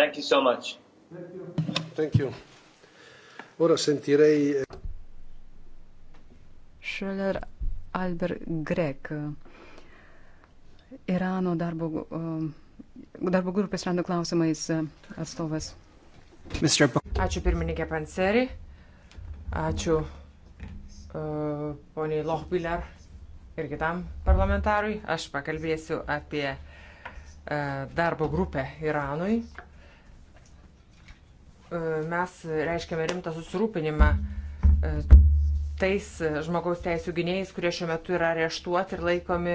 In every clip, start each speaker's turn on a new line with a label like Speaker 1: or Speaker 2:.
Speaker 1: Thank you so much. Thank you. Thank you. Ora sentirei eh,
Speaker 2: Schiller Albert Grek. Irano darbo, eh, darbo grupės randų klausimais eh, atstovas. Ačiū pirmininkė Panseri,
Speaker 1: ačiū uh, poniai Lochbiller ir kitam parlamentarui. Aš pakalbėsiu apie uh, darbo grupę Iranui. Uh, E, mes reiškiame rimtą susirūpinimą e, tais žmogaus teisų gynėjais, kurie šiuo metu yra areštuoti ir laikomi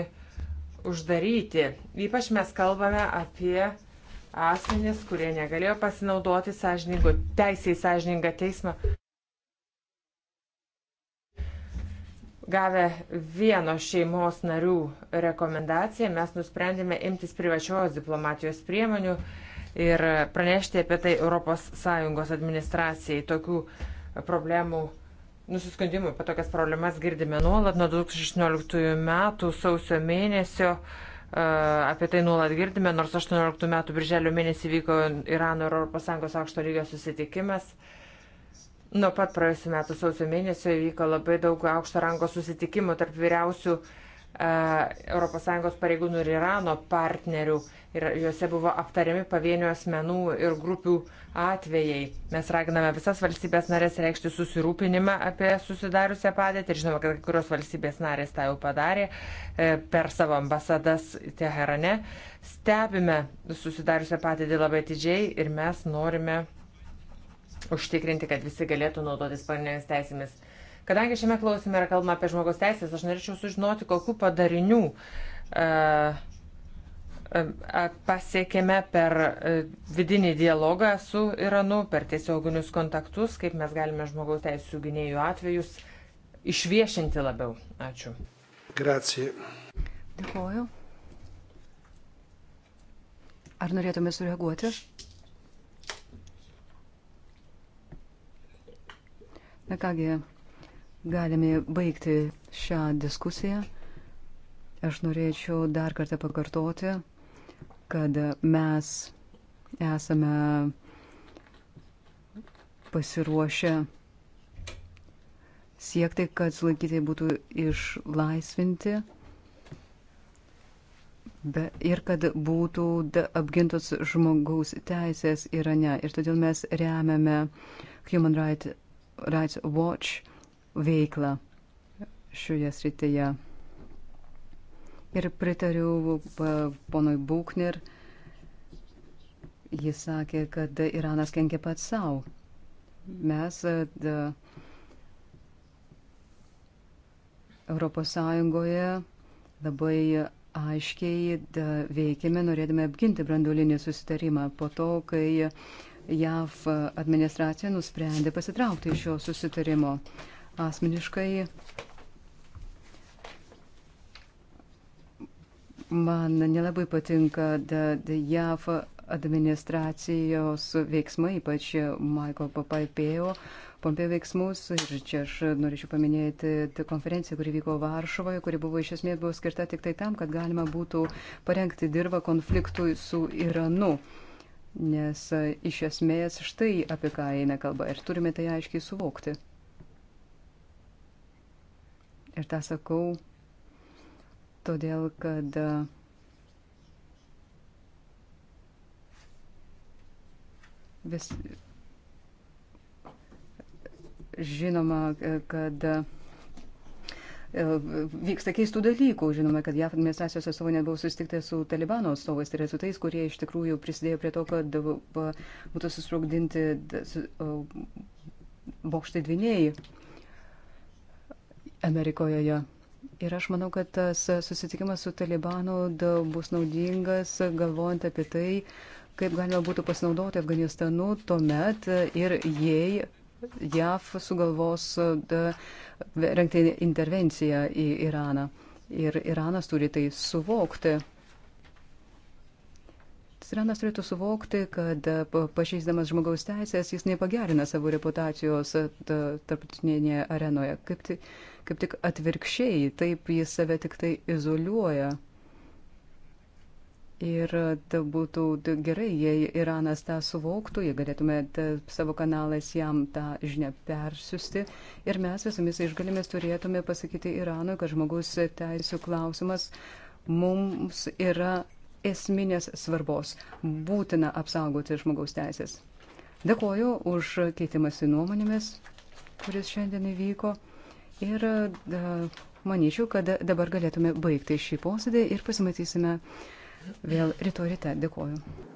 Speaker 1: uždaryti. Ypač mes kalbame apie asmenys, kurie negalėjo pasinaudoti sąžiningo, teisėjai sąžiningą teismą. Gavę vieno šeimos narių rekomendaciją, mes nusprendėme imtis privačios diplomatijos priemonių ir pranešti apie tai ES administracijai. Tokių problemų, nusiskundimų apie tokias problemas girdime nuolat nuo 2016 metų sausio mėnesio. E, apie tai nuolat girdime, nors 18 metų birželio mėnesį vyko Irano ir ES aukšto lygio susitikimas. Nuo pat praėjusiu metu sausio mėnesio įvyko labai daug aukšto rango susitikimų tarp vyriausių uh, ES pareigūnų ir Irano partnerių ir juose buvo aptariami pavienio asmenų ir grupių atvejai. Mes raginame visas valstybės narės reikšti susirūpinimą apie susidariusią padėtį ir žinoma, kad kai kurios valstybės narės tą jau padarė e, per savo ambasadas Teherane. Stebime susidariusią padėtį labai didžiai ir mes norime užtikrinti, kad visi galėtų naudotis pagrindinėmis teisėmis. Kadangi šiame klausime yra kalbama apie žmogaus teisės, aš norėčiau sužinoti, kokiu padarinių uh, e, e, pasiekėme per e, vidinį dialogą su Iranu, per tiesioginius kontaktus, kaip mes galime žmogaus teisų gynėjų atvejus išviešinti labiau. Ačiū. Gracija.
Speaker 2: Dėkuoju. Ar norėtume sureaguoti? Na kągi, galime baigti šią diskusiją. Aš norėčiau dar kartą pakartoti, kad mes esame pasiruošę siekti, kad sulaikytai būtų išlaisvinti Be, ir kad būtų apgintos žmogaus teisės Irane. Ir todėl mes remiame Human Rights, Rights Watch veiklą šioje srityje. Ir pritariu ponui Būkner, jis sakė, kad Iranas kenkia pat savo. Mes da, Europos Sąjungoje labai aiškiai da, veikėme, norėdami apginti branduolinį susitarimą po to, kai JAV administracija nusprendė pasitraukti iš šio susitarimo. Uh, asmeniškai man nelabai patinka da, da JAV administracijos veiksmai, ypač Maiko Papaipėjo Pompėjo veiksmus. Ir čia aš norėčiau paminėti konferenciją, kuri vyko Varšuvoje, kuri buvo iš esmės buvo skirta tik tai tam, kad galima būtų parengti dirbą konfliktui su Iranu. Nes iš esmės štai apie ką eina kalba ir turime tai aiškiai suvokti. Ir tą sakau todėl, kad e, vis žinoma, e, kad e, vyksta keistų dalykų. Žinome, kad JAF administracijos atstovai net buvo susitikti su Talibano atstovais, tai yra su tais, kurie iš tikrųjų prisidėjo prie to, kad būtų susprogdinti bokštai dviniai. Amerikoje. Ir aš manau, kad tas susitikimas su Talibanu bus naudingas, galvojant apie tai, kaip galima būtų pasinaudoti Afganistanu tuomet ir jei JAF sugalvos da, rengti intervenciją į Iraną. Ir Iranas turi tai suvokti. Siranas turėtų suvokti, kad e, pažeisdamas žmogaus teisės jis nepagerina savo reputacijos e, tarptautinėje arenoje. Kaip tik, kaip tik atvirkščiai, taip jis save tik tai izoliuoja. Ir da, e, būtų da, gerai, jei Iranas tą suvoktų, jei galėtume da, savo kanalais jam tą žinią persiusti. Ir mes visomis išgalimis turėtume pasakyti Iranui, kad žmogus teisų klausimas mums yra esminės svarbos. Būtina apsaugoti žmogaus teisės. Dėkoju už keitimąsi nuomonėmis, kuris šiandien įvyko. Ir da, e, manyčiau, kad dabar galėtume baigti šį posėdį ir pasimatysime vėl rytoj ryte. Dėkoju.